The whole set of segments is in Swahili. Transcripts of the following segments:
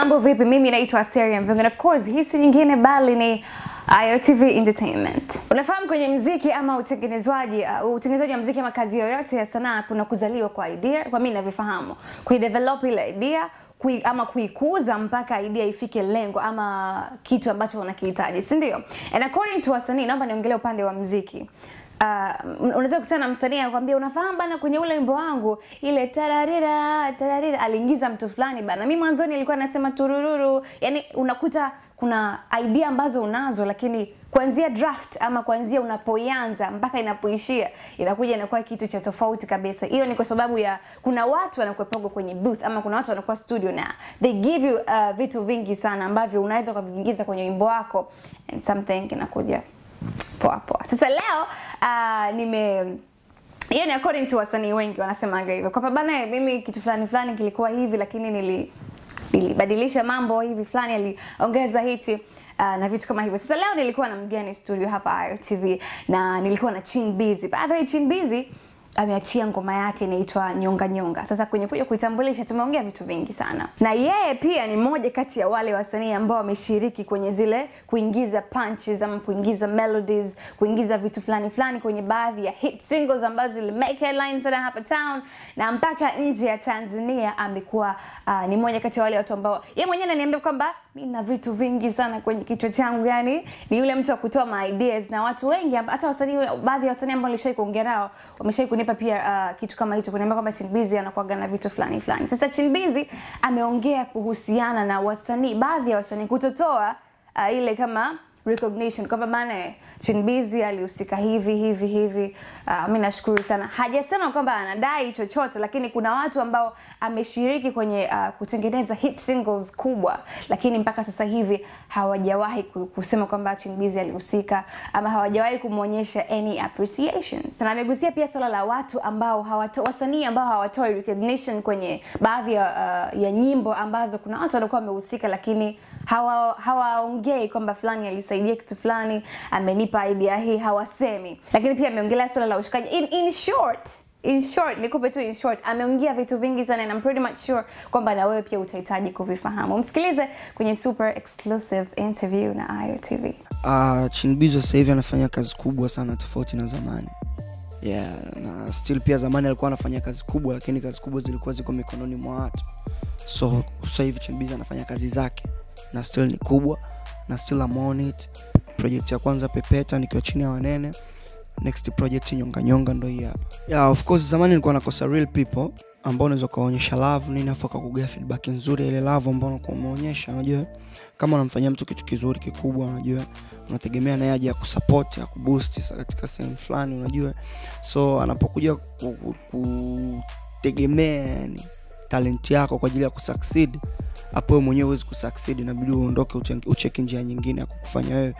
Mambo vipi? Mimi naitwa Asteria Mvingo, and of course hii si nyingine bali ni IOTV Entertainment. Unafahamu kwenye mziki ama utengenezwaji uh, utengenezaji wa mziki ama kazi yoyote ya sanaa kuna kuzaliwa kwa idea, kwa mimi navyofahamu, kuidevelop ile idea kui, ama kuikuza mpaka idea ifike lengo ama kitu ambacho unakihitaji, si ndio? And according to wasanii, naomba niongelee upande wa mziki uh, unaweza kukutana na msanii akwambia, unafahamu bana kwenye ule wimbo wangu ile tararira tararira aliingiza mtu fulani bana Mimi mwanzoni nilikuwa nasema turururu yani unakuta kuna idea ambazo unazo lakini kuanzia draft ama kuanzia unapoianza mpaka inapoishia inakuja inakuwa kitu cha tofauti kabisa hiyo ni kwa sababu ya kuna watu wanakuepoga kwenye booth ama kuna watu wanakuwa studio na they give you uh, vitu vingi sana ambavyo unaweza ukaviingiza kwenye wimbo wako and something inakuja poa poa. Sasa leo uh, nime hiyo ni according to wasanii wengi wanasemaga hivyo kwamba bana, mimi kitu fulani fulani kilikuwa hivi, lakini nili nilibadilisha mambo hivi fulani, aliongeza hichi uh, na vitu kama hivyo. Sasa leo nilikuwa na mgeni studio hapa Ayo na nilikuwa na Chin Busy. By the way, Chin Busy ameachia ngoma yake inaitwa nyonga nyonga. Sasa kwenye kuja kuitambulisha tumeongea vitu vingi sana, na yeye pia ni mmoja kati ya wale wasanii ambao wameshiriki kwenye zile kuingiza punches ama kuingiza melodies, kuingiza vitu fulani fulani kwenye baadhi ya hit singles ambazo zili make headlines sana hapa town na mpaka nje ya Tanzania. Amekuwa uh, ni mmoja kati ya wale watu ambao yeye mwenyewe ananiambia kwamba na vitu vingi sana kwenye kichwa changu, yani ni yule mtu wa kutoa ideas, na watu wengi hata wasanii, baadhi ya wasanii ambao nilishawahi kuongea nao wameshawahi kunipa pia uh, kitu kama hicho kuniambia kwamba Chinbizi anakuaga na vitu fulani fulani. Sasa Chinbizi ameongea kuhusiana na wasanii, baadhi ya wasanii kutotoa uh, ile kama recognition kwamba bana Chinbizi alihusika hivi hivi hivi. Uh, mi nashukuru sana. Hajasema kwamba anadai chochote, lakini kuna watu ambao ameshiriki kwenye uh, kutengeneza hit singles kubwa, lakini mpaka sasa hivi hawajawahi kusema kwamba Chinbizi alihusika ama hawajawahi kumwonyesha any appreciation. Sana amegusia pia swala la watu ambao hawato, wasanii ambao hawatoi recognition kwenye baadhi ya, uh, ya nyimbo ambazo kuna watu walikuwa wamehusika lakini hawaongei hawa kwamba fulani alisaidia kitu fulani, amenipa idea hii, hawasemi. Lakini pia ameongelea swala la ushikaji. In, in short in short nikupe tu in short ameongea vitu vingi sana and I'm pretty much sure kwamba na wewe pia utahitaji kuvifahamu msikilize kwenye super exclusive interview na Ayo TV uh, ah, Chinbizo sasa hivi anafanya kazi kubwa sana tofauti na zamani yeah na still pia zamani alikuwa anafanya kazi kubwa lakini kazi kubwa zilikuwa ziko mikononi mwa watu so sasa hivi Chinbizo anafanya kazi zake na still ni kubwa na still I'm on it project ya kwanza pepeta nikiwa chini ya wanene next project nyonga nyonga ndo hii hapa yeah, of course zamani nilikuwa nakosa real people ambao unaweza ukaonyesha love nini afu akakugea feedback nzuri ile love ambao unakuwa umeonyesha unajua kama unamfanyia mtu kitu kizuri kikubwa unajua unategemea naye aje akusupport akuboost katika sehemu fulani unajua so anapokuja kutegemea yani talenti yako kwa ajili ya kusucceed hapo wewe mwenyewe huwezi kusucceed inabidi uondoke ucheki njia nyingine ya kukufanya wewe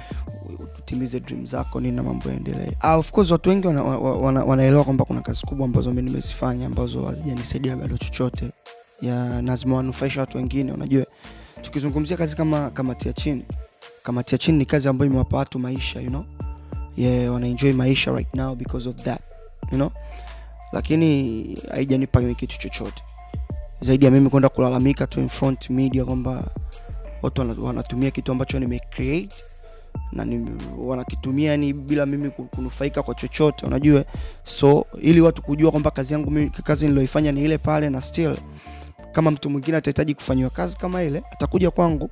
utimize dream zako nini na mambo yaendelee ah, of course watu wengi wanaelewa wana, wana, wana kwamba kuna kazi kubwa ambazo mi nimezifanya ambazo hazijanisaidia bado chochote ya na zimewanufaisha watu wengine unajua tukizungumzia kazi kama kamati ya chini kamati ya chini ni kazi ambayo imewapa watu maisha you know? yeah, wanaenjoy maisha right now because of that you know? lakini haijanipa kitu chochote zaidi ya mimi kwenda kulalamika tu in front media kwamba watu wanatumia kitu ambacho nimecreate na ni, wanakitumia ni bila mimi kunufaika kwa chochote unajua so ili watu kujua kwamba kazi yangu kazi niloifanya ni ile pale na still kama mtu mwingine atahitaji kufanyiwa kazi kama ile atakuja kwangu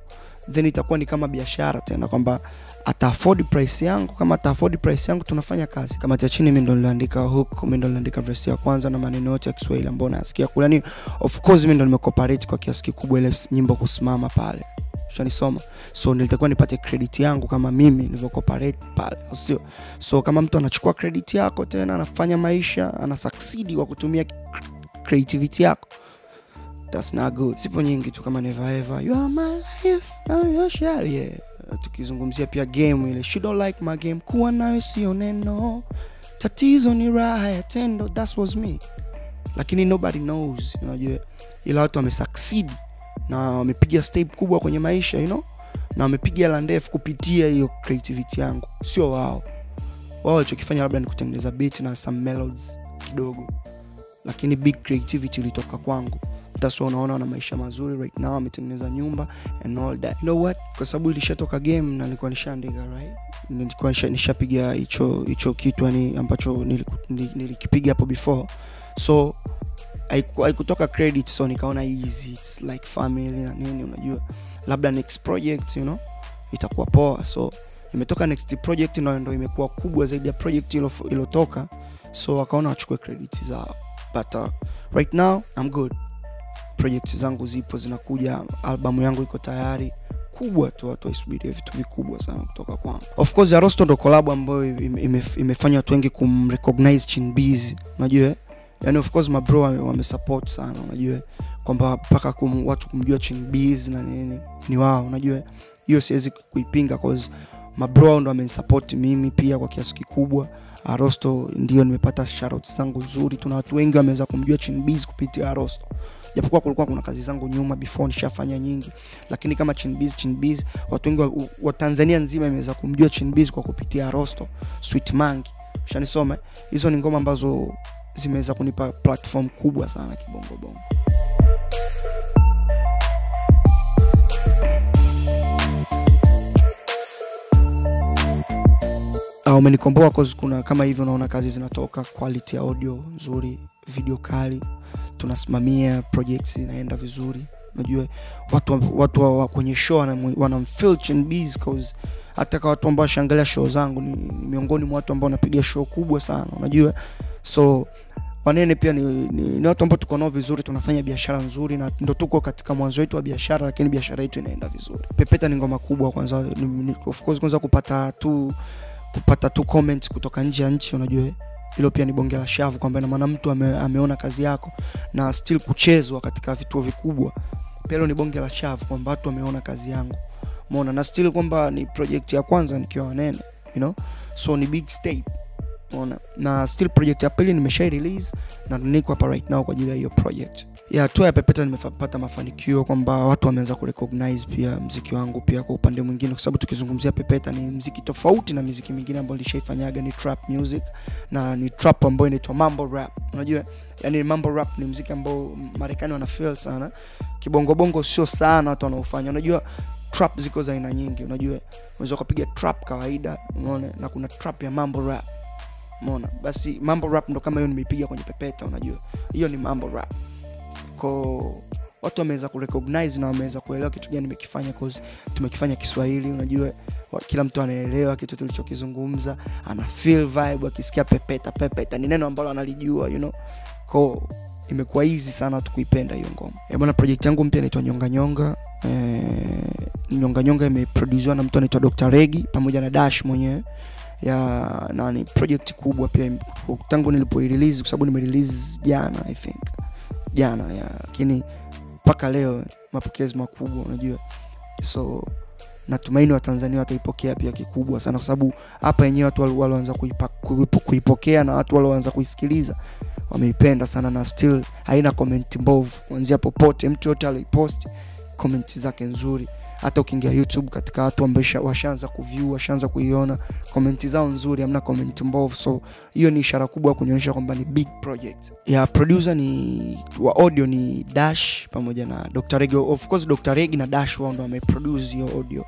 then itakuwa ni kama biashara tena kwamba ataafford price yangu. Kama ataafford price yangu, tunafanya kazi. kama cha chini, mimi ndo niliandika hook, mimi ndo niliandika verse ya kwanza na maneno yote ya Kiswahili ambao nasikia kule. ni yaani, of course mimi ndo nimecooperate kwa kiasi kikubwa ile nyimbo kusimama pale ushanisoma so nilitakiwa nipate credit yangu kama mimi nilivyocooperate pale sio so kama mtu anachukua credit yako tena anafanya maisha ana succeed kwa kutumia creativity yako that's not good sipo nyingi tu kama never ever you are my life I'm your share yeah Eh, tukizungumzia pia game ile she don't like my game kuwa nayo sio neno tatizo ni raha ya tendo that was me lakini nobody knows unajua ila watu wamesucceed na wamepiga step kubwa kwenye maisha you know na wamepiga la ndefu kupitia hiyo creativity yangu sio wao wao walichokifanya labda ni kutengeneza beat na some melodies kidogo lakini big creativity ilitoka kwangu that's why unaona na maisha mazuri right now ametengeneza nyumba and all that you know what kwa sababu ilishatoka game na nilikuwa nishaandika right nilikuwa nishapiga hicho hicho kitu yani ambacho nilikipiga hapo before so haikutoka credit so nikaona easy it's like family na nini unajua labda next project you know itakuwa poa so imetoka next project na ndio imekuwa kubwa zaidi ya project ilotoka so akaona achukue credit za but uh, right now i'm good projekti zangu zipo zinakuja albamu yangu iko tayari kubwa tu watu waisubirie vitu vikubwa sana kutoka kwangu of course arosto ndo kolabo ambayo imefanya watu wengi kumrecognize chinbs unajua yani of course mabro wamesupport wame sana unajua kwamba mpaka kum, watu kumjua chinbizi na nini ni wao unajua hiyo siwezi kuipinga cause mabro ndo amenisupport mimi pia kwa kiasi kikubwa Arosto ndio nimepata shout zangu nzuri. Tuna watu wengi wameweza kumjua Chinbiz kupitia Arosto, japokuwa kulikuwa kuna kazi zangu nyuma before nishafanya nyingi, lakini kama Chinbiz, Chinbiz watu wengi wa, wa Tanzania nzima imeweza kumjua Chinbiz kwa kupitia Arosto, Sweet Mangi, ushanisome. Hizo ni ngoma ambazo zimeweza kunipa platform kubwa sana kibongo bongo. uh, umenikomboa cause kuna kama hivyo unaona kazi zinatoka quality ya audio nzuri video kali tunasimamia projects inaenda vizuri unajua watu, watu wa, wa kwenye show wanamfeel wana cause hata kwa watu ambao washangalia show zangu ni miongoni mwa watu ambao wanapiga show kubwa sana unajua so wanene pia ni, ni, ni watu ambao tuko nao vizuri tunafanya biashara nzuri na ndo tuko katika mwanzo wetu wa biashara lakini biashara yetu inaenda vizuri pepeta ni ngoma kubwa kwanza ni, ni, of course kwanza kupata tu kupata tu comments kutoka nje ya nchi unajua hilo pia ni bonge la shavu kwamba maana mtu ame, ameona kazi yako na still kuchezwa katika vituo vikubwa pelo ni bonge la shavu kwamba watu wameona kazi yangu umeona na still kwamba ni project ya kwanza nikiwa wanene you know? so ni big step na still project ya pili nimeshai release na niko hapa right now kwa ajili ya hiyo project ya hatua ya pepeta nimepata mafanikio kwamba watu wameanza ku pia mziki wangu pia kwa upande mwingine, kwa sababu tukizungumzia pepeta ni mziki tofauti na mziki mingine ambayo nilishaifanyaga, ni trap music na ni trap ambayo inaitwa mambo rap. Unajua, yani mambo rap ni mziki ambao Marekani wana feel sana, kibongobongo sio sana watu wanaofanya. Unajua trap ziko za aina nyingi, unajua unaweza kupiga trap kawaida, unaona, na kuna trap ya mambo rap, mona Basi mambo rap ndo kama hiyo nimeipiga kwenye pepeta, unajua hiyo ni mambo rap ko watu wameweza ku na wameweza kuelewa kitu gani nimekifanya cause tumekifanya Kiswahili, unajua kila mtu anaelewa kitu tulichokizungumza, ana feel vibe, akisikia pepeta pepeta ni neno ambalo analijua you know. ko imekuwa hizi sana watu kuipenda hiyo ngoma. Eh, bwana project yangu mpya inaitwa Nyonga Nyonga. Eh, Nyonga Nyonga imeproduziwa na mtu anaitwa Dr. Regi pamoja na Dash mwenyewe ya na ni project kubwa pia tangu nilipoirelease kwa sababu nimerelease jana I think jana ya lakini mpaka leo mapokezi makubwa unajua so natumaini watanzania wataipokea pia kikubwa sana kwa sababu hapa yenyewe watu walioanza kuipokea na watu walioanza kuisikiliza wameipenda sana na still haina komenti mbovu kuanzia popote mtu yote aliposti komenti zake nzuri hata ukiingia youtube katika watu ambao washaanza kuview washaanza kuiona komenti zao nzuri amna komenti mbovu so hiyo ni ishara kubwa kunyonyesha kwamba ni big project ya producer ni wa audio ni dash pamoja na dr regi of course dr regi na dash wao ndo wameproduce hiyo audio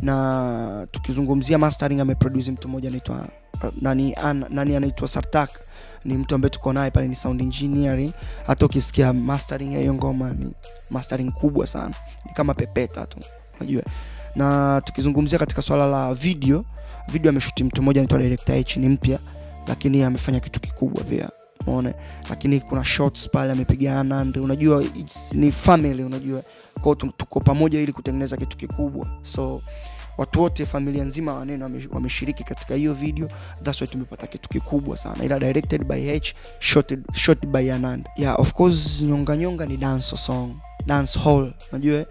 na tukizungumzia mastering ameproduce mtu mmoja anaitwa nani, an, nani anaitwa sartak ni mtu ambaye tuko naye pale ni sound engineering hata ukisikia mastering ya hiyo ngoma ni mastering kubwa sana ni kama pepeta tu unajua na tukizungumzia katika swala la video video ameshuti mtu mmoja anaitwa director H ni mpya lakini amefanya kitu kikubwa pia umeona lakini kuna shots pale amepigana ndio unajua it's, ni family unajua kwao tuko pamoja ili kutengeneza kitu kikubwa so watu wote familia nzima waneno wameshiriki katika hiyo video thats why tumepata kitu kikubwa sana ila directed by h shot, shot by anand yeah of course nyonga nyonga ni dance song dance hall unajua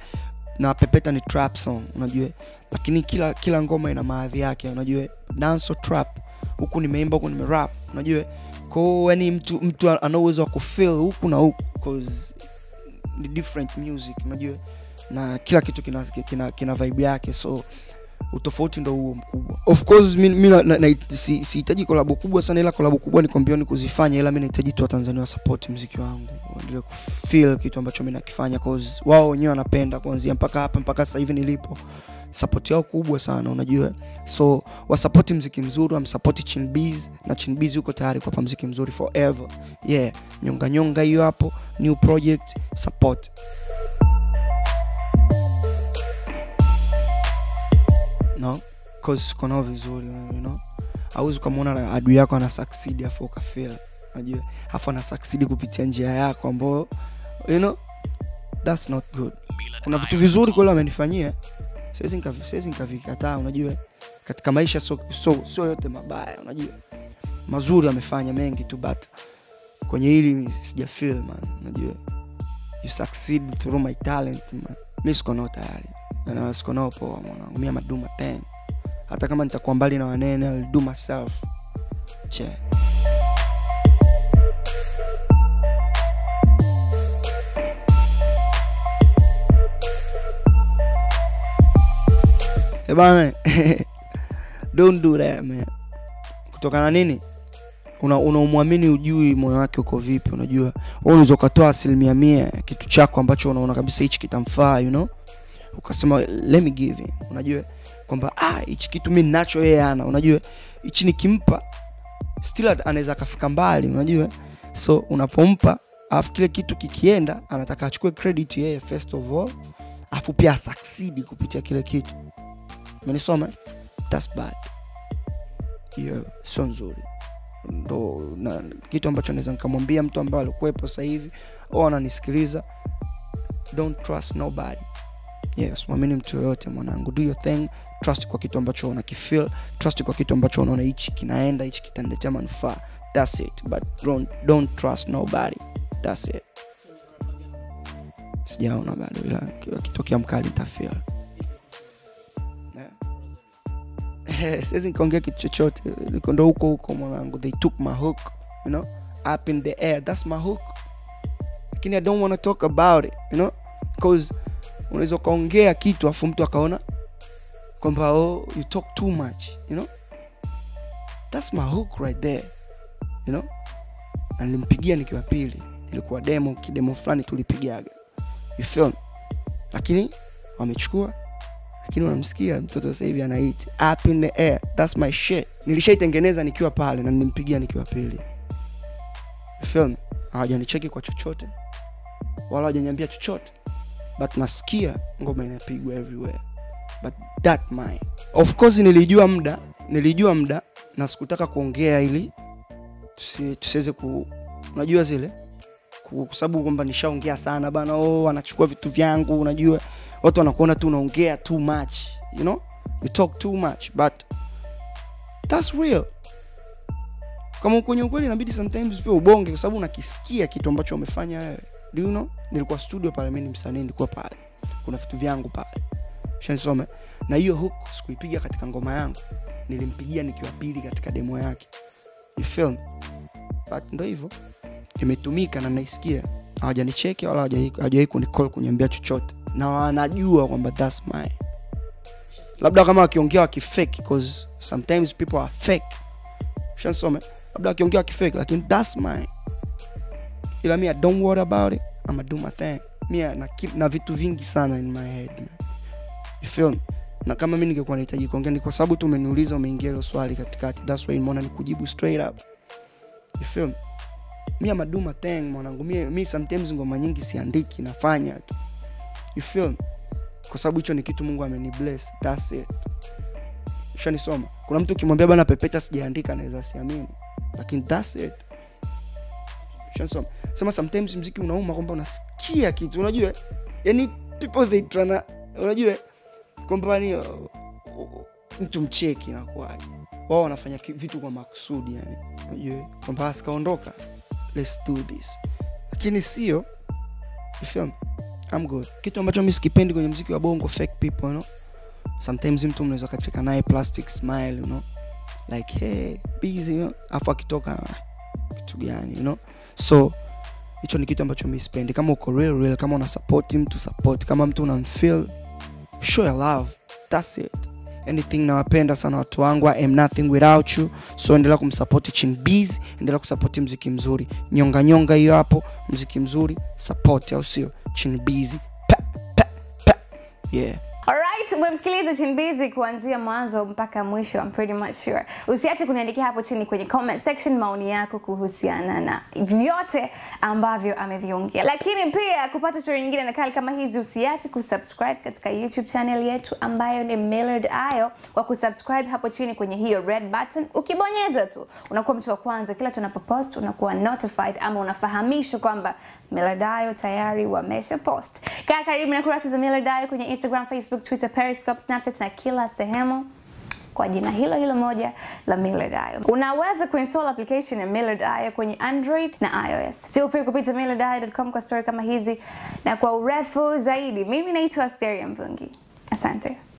na pepeta ni trap song unajua lakini kila kila ngoma ina maadhi yake unajua dance trap huku nimeimba huku unajue unajua kwao yani mtu mtu ana uwezo wa kufil huku na huku cause ni different music unajua na kila kitu kina kina, kina vibe yake so utofauti ndo huo mkubwa of course mi sihitaji si, si kolabo kubwa sana ila kolabo kubwa ni kombioni kuzifanya ila mi nahitaji tu watanzania wasapoti mziki wangu waendelee kufil kitu ambacho mi nakifanya cause wao wenyewe wanapenda kuanzia mpaka hapa mpaka sasa hivi nilipo sapoti yao kubwa sana unajua so wasapoti mziki mzuri wamsapoti chinbs na chinbs yuko tayari kuwapa mziki mzuri forever yeah nyonganyonga hiyo hapo new project support cause siko nao vizuri you know? auwezi ukamwona adui yako ana succeed afu ukafela najua afu ana succeed kupitia njia yako ambayo you know that's not good kuna vitu vizuri kweli amenifanyia siwezi nikavikataa unajua katika maisha sio so, so yote mabaya unajua mazuri amefanya mengi tu but kwenye hili sijafil man unajua you succeed through my talent man mi siko nao tayari siko nao poa mwanangu mia maduma tank hata kama nitakuwa mbali na wanene I'll do myself che eh, bana don't do that man kutokana nini unaumwamini una, ujui moyo wake uko vipi unajua unaweza ukatoa asilimia mia kitu chako ambacho unaona kabisa hichi kitamfaa you know ukasema let me give him. unajua kwamba ah, hichi kitu mi nacho yeye ana, unajua hichi nikimpa still anaweza akafika mbali, unajua so unapompa alafu kile kitu kikienda, anataka achukue credit yeye first of all, afu pia asucceed kupitia kile kitu. Umenisoma? That's bad, hiyo sio nzuri ndo na, kitu ambacho naweza nikamwambia mtu ambaye alikuwepo sasa hivi au ananisikiliza, don't trust nobody yes mwamini mtu yoyote mwanangu do your thing trust kwa kitu ambacho unakifeel trust kwa kitu ambacho unaona hichi kinaenda hichi kitaniletea manufaa thats it but don't, don't trust nobody thats it sijaona bado ila akitokea mkali ntafeel yeah. siwezi nikaongea kitu chochote ndo huko huko mwanangu they took my hook you know up in the air that's my hook lakini i don't want to talk about it you know because unaweza ukaongea kitu afu mtu akaona kwamba oh, you talk too much you know that's my hook right there you know na nilimpigia nikiwa pili ilikuwa demo kidemo fulani tulipigaga you lakini wamechukua lakini unamsikia mtoto sasa anait up in the air that's my sh nilishaitengeneza nikiwa pale na nilimpigia nikiwa pili you hawajanicheki kwa chochote wala hawajaniambia chochote but nasikia ngoma inapigwa everywhere but that mine of course nilijua muda nilijua muda na sikutaka kuongea ili tusiweze ku unajua zile kwa sababu kwamba nishaongea sana bana oh anachukua vitu vyangu unajua watu wanakuona tu unaongea too much you know you talk too much but that's real kama kwenye ukweli inabidi sometimes pia ubonge kwa sababu unakisikia kitu ambacho umefanya wewe you know, nilikuwa studio pale, mimi ni msanii, nilikuwa pale, kuna vitu vyangu pale, shansome na hiyo hook sikuipiga katika ngoma yangu, nilimpigia nikiwa pili katika demo yake, you feel But ndo hivyo imetumika na naisikia, hawajanicheke wala hawajawahi kunicall kuniambia chochote, na wanajua kwamba that's my labda kama wakiongea wakifake because sometimes people are fake shansome labda wakiongea wakifake lakini that's my ila mi don't worry about it ama do my thing mi na, na vitu vingi sana in my head man. you feel me? na kama mi ningekuwa nahitaji kuongea ni kwa sababu tu umeniuliza umeingia hilo swali katikati that's why nimeona nikujibu straight up you feel me? mi ama do my thing mwanangu mi, mi sometimes ngoma nyingi siandiki nafanya tu you feel me? kwa sababu hicho ni kitu mungu amenibless that's it shanisoma kuna mtu ukimwambia bana pepeta sijaandika naweza siamini lakini that's it shanisoma sema sometimes mziki unauma kwamba unasikia kitu unajua yani people they trana unajua kwamba ni yaani, uh, uh, mtu mcheki na nakuaje wao wanafanya vitu kwa makusudi yani unajua kwamba asikaondoka let's do this lakini sio you feel me? I'm good. kitu ambacho mimi sikipendi kwenye mziki wa bongo fake people you know? sometimes mtu mnaweza kafika naye plastic smile you know? like hey, busy you know? afu akitoka ah, kitu gani you know? so hicho ni kitu ambacho mi kama uko real, real kama una support mtu support kama mtu feel show your love that's it anything nawapenda sana watu wangu am nothing without you so endelea chin chinbs endelea kusapoti mziki mzuri nyonga nyonga hiyo hapo mziki mzuri support au sio chinbs yeah Alright, umemsikiliza Chin Busy kuanzia mwanzo mpaka mwisho, I'm pretty much sure. Usiache kuniandikia hapo chini kwenye comment section maoni yako kuhusiana na vyote ambavyo ameviongea. Lakini pia kupata story nyingine na kali kama hizi, usiache kusubscribe katika YouTube channel yetu ambayo ni Millard Ayo kwa kusubscribe hapo chini kwenye hiyo red button. Ukibonyeza tu unakuwa mtu wa kwanza kila tunapopost, unakuwa notified ama unafahamishwa kwamba Millard Ayo tayari wamesha post. Kaa karibu na kurasa za Millard Ayo kwenye Instagram, Facebook, Twitter Periscope, Snapchat na kila sehemu kwa jina hilo hilo moja la Millard.io. Unaweza kuinstall application ya io kwenye Android na iOS. Feel free kupita millardio.com kwa story kama hizi na kwa urefu zaidi. Mimi naitwa Asteria Mvungi. Asante.